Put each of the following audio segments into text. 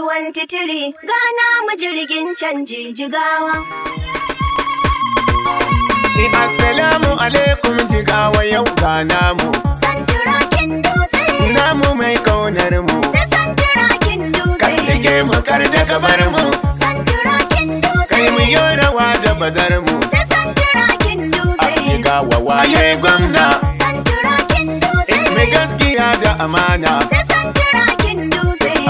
Ruwan titiri gana mu jirgin canji jigawa. Ni eh, assalamu alaikum jigawa yau gana mu. Santirakin dutse. mu mai kaunar mu. Na santirakin dutse. Kan rike mu kar da gabar mu. Santirakin dutse. Kai mu yi rawa da bazar mu. Na santirakin dutse. A jigawa waye gwamna. Santirakin dutse. Eh, mai gaskiya da amana.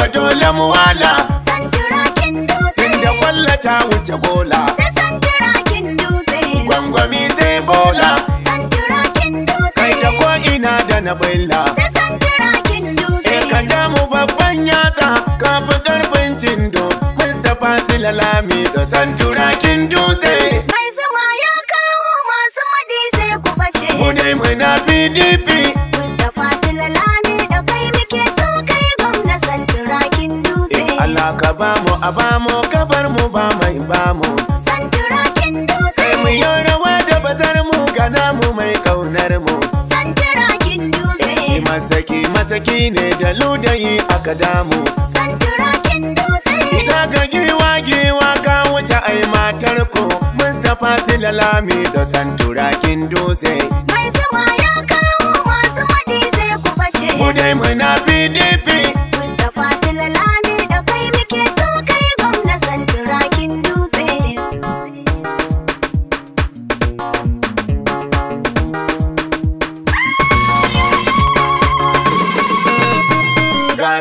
ba dole mu wala inda kwalla ta wuce bola gwangwami sai bola kai ta ko da na billa e ka ja mu babban yatsa kafi karfin cindo mustapha silalami da santurakin dutse mai zama ya kawo masu madi sai ku bace mu dai muna pdp Allah ka bamu a bamu ka bar mu ba mai bamu santirakin dutse sai mu yi rawa da bazar mu ga namu mai kaunar mu shi masaki masaki ne da ludayi aka damu santirakin dutse ina ga giwa giwa ka wuce ai matar ku Mustapha lalami da santurakin dutse mai zuwa ya kawo masu faɗi sai ku face mu dai muna PDP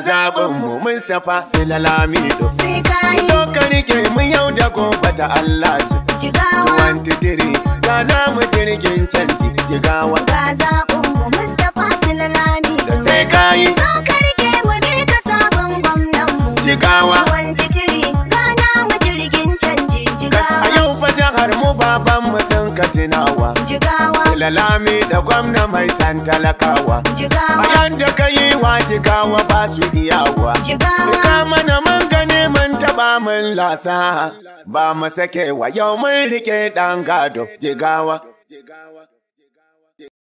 ga mu mustafa sai lalamido. Sai kayi. Zo ka rike mu yau da gobe ta Allah ce. Jigawa. 23 ga na mu jirgin canji jigawa. Ga zaɓinmu Mustapha sai lalamido. Da sai kayi. Zo ka rike mu bi ka sabon mu. Jigawa. Tuwanti tiri ga namu jirgin canji jigawa. A yau fa har mu babanmu sun ka tunawa. Jigawa. lalami da gwamna mai san talakawa. Jigawa. A yanda kai iyawa jigawa ba su iyawa duka mana mun gane mun taba mun lasa ba mu wa yau mun rike dan gado jigawa